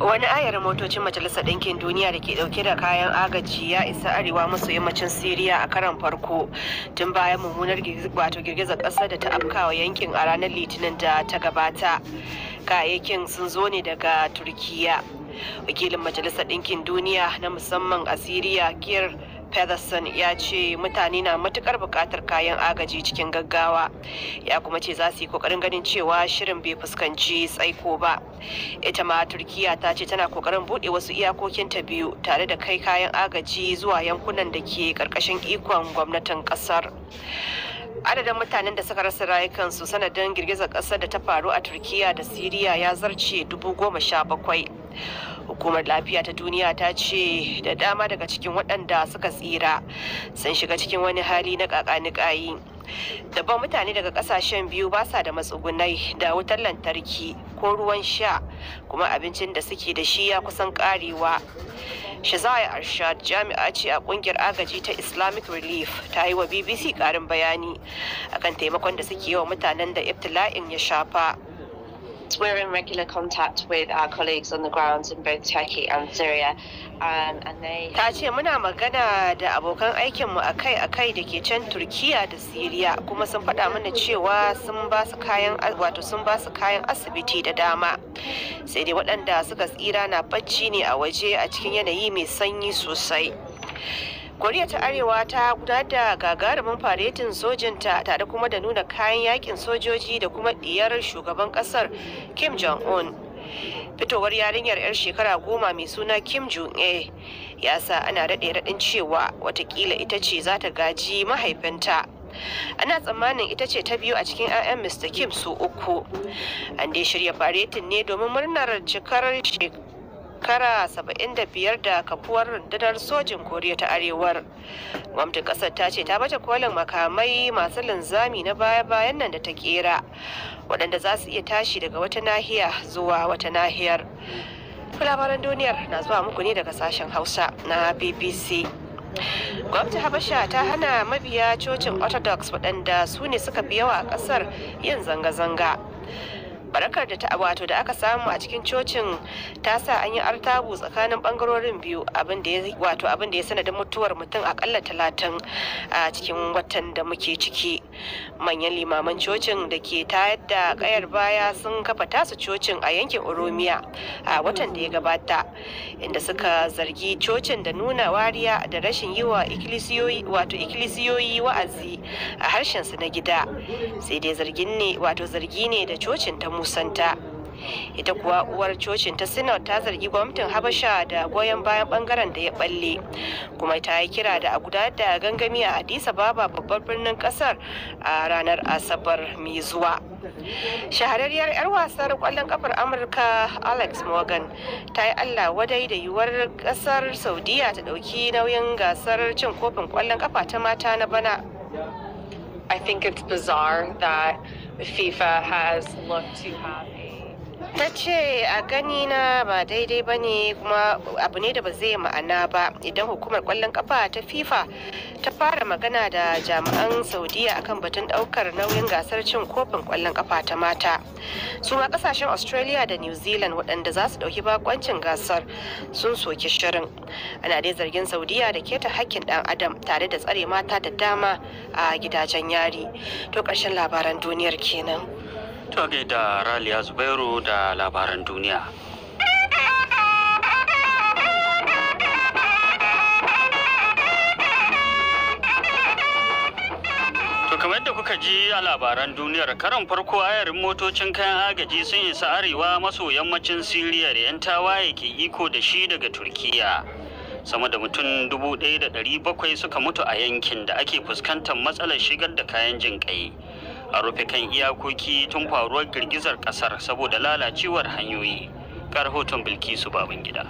wani ayar motocin majalisar ɗinkin duniya da ke ɗauke da kayan agaji ya isa arewa maso yammacin siriya a karan farko tun bayan mummunar wato girgizar ƙasa da ta afkawa yankin a ranar litinin da ta gabata kayayyakin sun zo ne daga turkiya wakilin majalisar ɗinkin duniya na musamman a siriya kir Pedersen ya ce mutane na matukar bukatar kayan agaji cikin gaggawa ya kuma ce za su yi kokarin ganin cewa shirin bai fuskanci tsaiko ba ita ma turkiya ta ce tana kokarin bude wasu iyakokin ta biyu tare da kai kayan agaji zuwa yankunan da ke karkashin ikon gwamnatin ƙasar adadin mutanen da suka rasa rayukansu sanadin girgizar ƙasar da ta faru a turkiya da siriya ya zarce dubu goma sha bakwai hukumar lafiya ta duniya ta ce da dama daga cikin waɗanda suka tsira sun shiga cikin wani hali na kakanikayi daban mutane daga kasashen biyu ba sa da matsugunai da wutar lantarki ko ruwan sha kuma abincin da suke da shi ya kusan karewa shazaya arshad jami'a ce a kungiyar agaji ta islamic relief ta yi wa bbc karin bayani akan taimakon da suke yi wa mutanen da ibtila'in ya shafa we're in regular contact with our colleagues on the ground in both Turkey and Syria. Um, Ta ce muna magana da abokan aikinmu akai-akai da ke can Turkiya da Siriya kuma sun faɗa mana cewa sun ba su kayan wato sun ba su kayan asibiti da dama. Sai dai waɗanda suka tsira na bacci ne a waje a cikin yanayi mai sanyi sosai. koriya ta arewa ta gudanar da gagarumin faretin sojinta tare kuma da nuna kayan yakin sojoji da kuma diyar shugaban kasar kim jong-un fitowar yarinyar 'yar shekara goma mai suna kim jong-un ya sa ana daɗe raɗin cewa watakila ita ce za ta gaji mahaifinta ana tsammanin ita ce ta biyu a cikin 'ya'yan mr kim su uku an dai shirya faretin ne domin murnar cikar shekaru shekara 75 da kafuwar rundunar sojin koriya ta arewar gwamnatin kasar ta ce ta baje kolin makamai masu linzami na baya-bayan nan da ta kera waɗanda za su iya tashi daga wata nahiya zuwa wata nahiyar labaran duniyar na zuwa muku ne daga sashen hausa na bbc gwamnati habasha ta hana mabiya cocin orthodox waɗanda su ne suka fi yawa a ƙasar yin zanga-zanga barakar da ta wato da aka samu a cikin cocin ta sa an yi artabu tsakanin bangarorin biyu abin ya wato abin da ya sanadin mutuwar mutum akalla talatin a cikin watan da muke ciki manyan limaman cocin da ke tayar da kayar baya sun kafa tasu cocin a yankin oromiya a watan da ya gabata inda suka zargi cocin da nuna wariya da rashin yi wa ikkilisiyoyi wa'azi a harshensu na gida sai dai zargi ne da cocin ta mu musanta ita kuwa uwar cocin ta sinar ta zargi gwamnatin habasha da goyon bayan bangaren da ya balle kuma ta yi kira da a gudanar da gangami a addis Baba babbar birnin kasar a ranar asabar mai zuwa shahararriyar 'yar wasar kwallon kafar amurka alex morgan ta yi allah wadai da yiwuwar kasar saudiya ta dauki nauyin gasar cin kofin kwallon kafa ta mata na bana i think it's bizarre that FIFA has looked to have a ta ce a gani na ba daidai ba kuma abu ne da ba zai ma'ana ba idan hukumar kwallon kafa ta FIFA ta fara magana da jami'an saudiya akan batun daukar nauyin gasar cin kofin kwallon kafa ta mata su ma kasashen australia da new zealand waɗanda za su ɗauki bakoncin gasar sun soki shirin ana dai zargin saudiya da keta hakkin ɗan adam tare da tsare mata da dama a gidajen yari to ƙarshen labaran duniyar kenan to gaida raliya zubairu da labaran duniya yadda kuka ji a labaran duniyar karan farko ayarin motocin kayan agaji sun isa arewa maso yammacin siriya da 'yan tawaye ke iko da shi daga turkiya sama da mutum 1,700 suka mutu a yankin da ake fuskantar matsalar shigar da kayan jin kai a rufe kan iyakoki tun faruwar girgizar kasar saboda lalacewar hanyoyi ga rahoton bilkisu babangida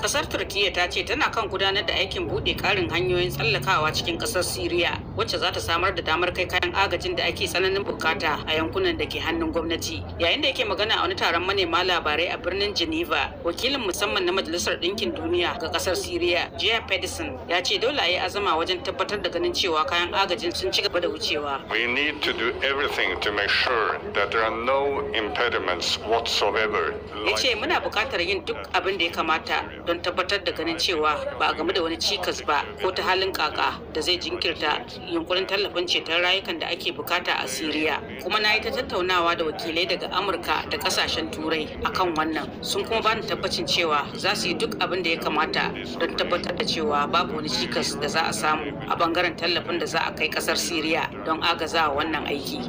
Ƙasar Turkiyya ta ce tana kan gudanar da aikin buɗe ƙarin hanyoyin tsallakawa cikin ƙasar siriya wacce za ta samar da damar kai kayan agajin da ake tsananin bukata a yankunan da ke hannun gwamnati yayin da yake magana a wani taron manema labarai a birnin geneva wakilin musamman na majalisar ɗinkin duniya ga ƙasar siriya jia pedersen ya ce dole a yi azama wajen tabbatar da ganin cewa kayan agajin sun ci gaba da wucewa we need to do everything to make sure that there are no impediments whatsoever ya ce muna ana bukatar yin duk abin da ya kamata don tabbatar da ganin cewa ba a game da wani cikas ba ko ta halin kaka da zai jinkirta yunkurin tallafin ceton rayukan da ake bukata a Siriya. Kuma na yi ta tattaunawa da wakilai daga Amurka da kasashen Turai akan wannan. Sun kuma bani tabbacin cewa za su yi duk abin da ya kamata don tabbatar da cewa babu wani cikas da za a samu a bangaren tallafin da za a kai kasar Siriya don agaza wannan aiki.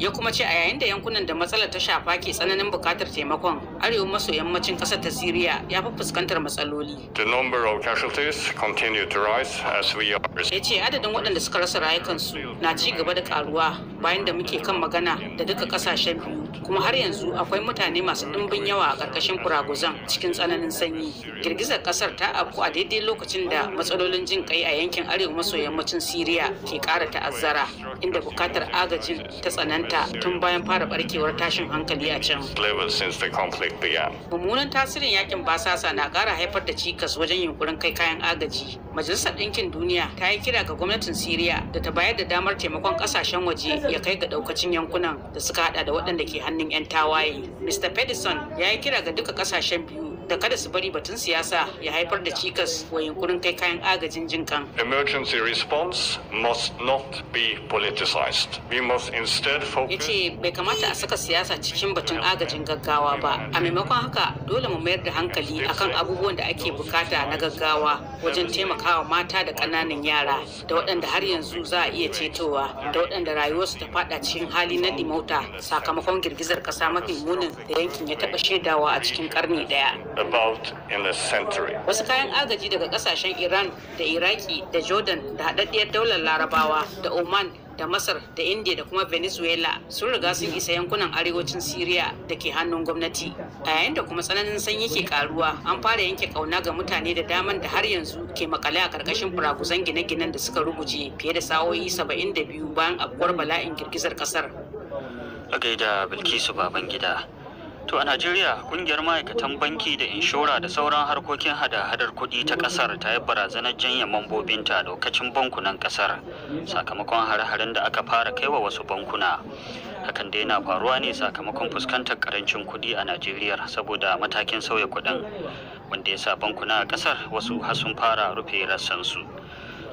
Ya kuma ce a yayin da yankunan da matsalar ta shafa ke tsananin bukatar taimakon, arewa maso yammacin ƙasar ta Siriya ya fi fuskantar matsaloli. The number of casualties continue to rise as we are. Ya ce adadin waɗanda suka rasa rayukansu na ci gaba da ƙaruwa bayan da muke kan magana da duka ƙasashen biyu kuma har yanzu akwai mutane masu ɗimbin yawa a ƙarƙashin kuraguzan cikin tsananin sanyi. Girgizar ƙasar ta afku a daidai lokacin da matsalolin jin kai a yankin arewa maso yammacin Siriya ke ƙara ta'azzara inda bukatar agajin ta tsananta tun bayan fara barkewar tashin hankali a Mummunan tasirin yakin basasa na ƙara haifar da cikas wajen yunkurin kai kayan agaji. Majalisar Ɗinkin Duniya ta yi kira ga gwamnatin Siriya da ta bayar da damar taimakon ƙasashen waje ya kai ga ɗaukacin yankunan da suka haɗa da waɗanda ke hannun 'yan tawaye. Mr. Pedersen ya yi kira ga duka ƙasashen biyu da kada su bari batun siyasa ya haifar da cikas wa yunkurin kai kayan agajin jinkan. kan. Emergency response must not be politicized. We must instead focus. ce bai kamata a saka siyasa cikin batun agajin gaggawa ba a maimakon haka dole mu mayar da hankali akan abubuwan da ake bukata na gaggawa wajen taimakawa mata da ƙananan yara da waɗanda har yanzu za a iya cetowa da waɗanda rayuwarsu ta faɗa cikin hali na dimauta sakamakon girgizar ƙasa mafi munin da yankin ya taɓa shaidawa a cikin ƙarni ɗaya. Wasu kayan agaji daga ƙasashen Iran da Iraki da Jordan da haɗaɗɗiyar daular Larabawa da Oman da masar da india da kuma venezuela sun riga sun isa yankunan arewacin syria da ke hannun gwamnati a yayin da kuma tsananin sanyi ke karuwa an fara yanke kauna ga mutane da daman da har yanzu ke makale a karkashin furakusan gine-ginen da suka ruguje fiye da sa'o'i biyu bayan afkuwar bala'in girgizar kasar. A gaida Bilkisu Babangida. To a Najeriya kungiyar ma'aikatan banki da inshora da sauran harkokin hada-hadar kuɗi ta ƙasar ta yi barazanar janye mambobinta lokacin bankunan ƙasar sakamakon har harin da aka fara kai wa wasu bankuna. Hakan da yana faruwa ne sakamakon fuskantar karancin kuɗi a Najeriya saboda matakin sauya kuɗin wanda ya sa bankuna a ƙasar wasu har sun fara rufe rassansu.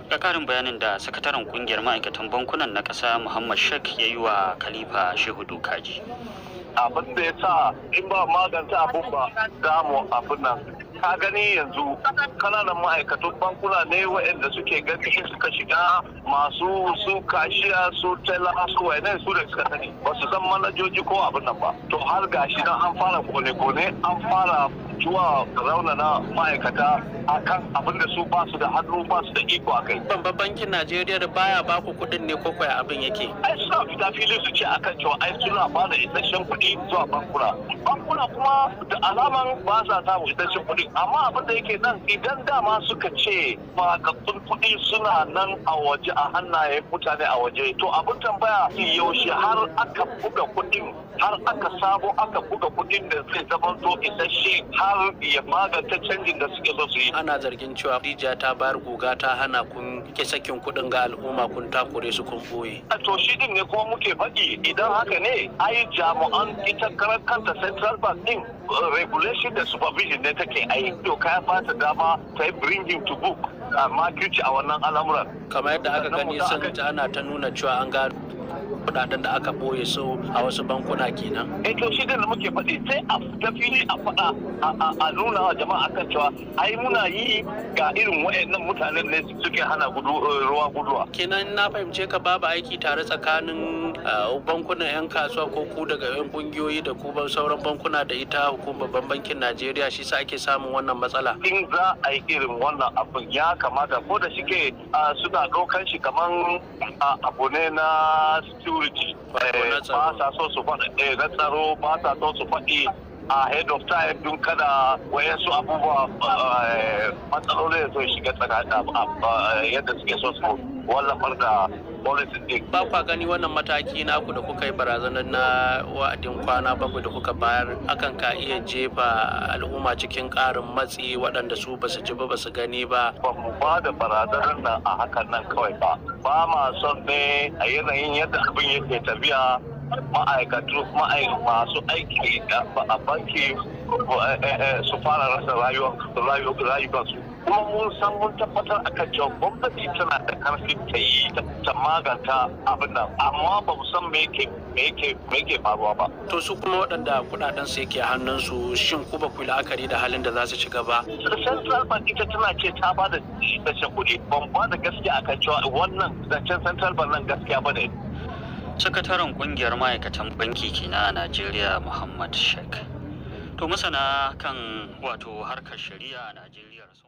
ga karin bayanin da sakataren kungiyar ma'aikatan bankunan na ƙasa muhammad shek ya yi wa khalifa shehu dokaji abin da ya sa in ba maganta abin ba za mu abin nan ka gani yanzu kananan ma'aikatan bankuna ne waɗanda suke ganin suka shiga masu su kashiya su tela su wayannan su da suka sani ba su san manajoji ko abin nan ba to har gashi nan an fara kone-kone an fara zuwa raunana ma'aikata a kan abin da su ba su da hannu ba su da iko a kai. Babban bankin Najeriya da baya ba ku kuɗin ne ko kwaya abin yake. Ai suna fita fili su ce akan cewa ai suna ba da isasshen kuɗi zuwa bankuna. Bankuna kuma da alaman ba sa samu isasshen kuɗi amma abin da yake nan idan dama suka ce ga kuɗi suna nan a waje a hannaye mutane a waje to abin tambaya yaushe har aka buga kuɗin har aka sabo aka buga kuɗin da zai to isasshe har har ya magance canjin da suke Ana zargin cewa Dija ta bar guga ta hana kun ke sakin kuɗin ga al'umma kun takure su kun boye. To shi din ne kuma muke faɗi idan haka ne ai jami'an ita karar kanta Central Bank din uh, regulation da supervision ne take ai doka ya bata dama ta yi bringing to book. makirci a wannan al'amuran kamar yadda aka gani sun ta ana ta nuna cewa an ga kudaden da aka boye su a wasu bankuna kenan e to shi da muke faɗi sai a ta fili a faɗa a nuna wa jama'a kan cewa ai muna yi ga irin wayannan mutanen ne suke hana eh, ruwa guduwa kenan na fahimce ka babu aiki tare tsakanin bankunan 'yan kasuwa ko ku daga 'yan kungiyoyi da ku sauran bankuna da ita hukumar babban bankin najeriya shi sa ake samun wannan matsala in za a yi irin wannan abin ya kamata ko da shike suna ɗaukan shi kaman abu ne na security eh, ba sa so su faɗi eh, na tsaro ba sa so su faɗi a head of time dun kada wayansu abubuwa eh, matsalolin da so shiga tsakanin yadda suke so su wallafar da ba gani wannan mataki ku da kuka yi barazanar na wa'adin kwana bakwai da kuka bayar akan ka iya jefa al'umma cikin karin matsi waɗanda su basu ji ba basu gani ba ba mu ba da barazanar nan a hakan nan kawai ba ba ma son ne a yanayin yadda abin yake tafiya ma'aikatu masu aiki a banki eh, eh, eh, su fara rasa rayuwar su kuma mun san mun tabbatar a kan cewa gwamnati tana da karfin ta yi ta maganta abin nan amma ba mu san me yake me yake me yake faruwa ba to su kuma waɗanda kuɗaɗen su yake hannun su shin ku ba ku la'akari da halin da za su ci gaba central bank ita tana ce ta ba da dashe kuɗi ban ba da gaskiya kan cewa wannan zancen central bank nan gaskiya ba ne sakataren kungiyar ma'aikatan banki kina a najeriya muhammad sheikh to masana kan wato harkar shari'a a najeriya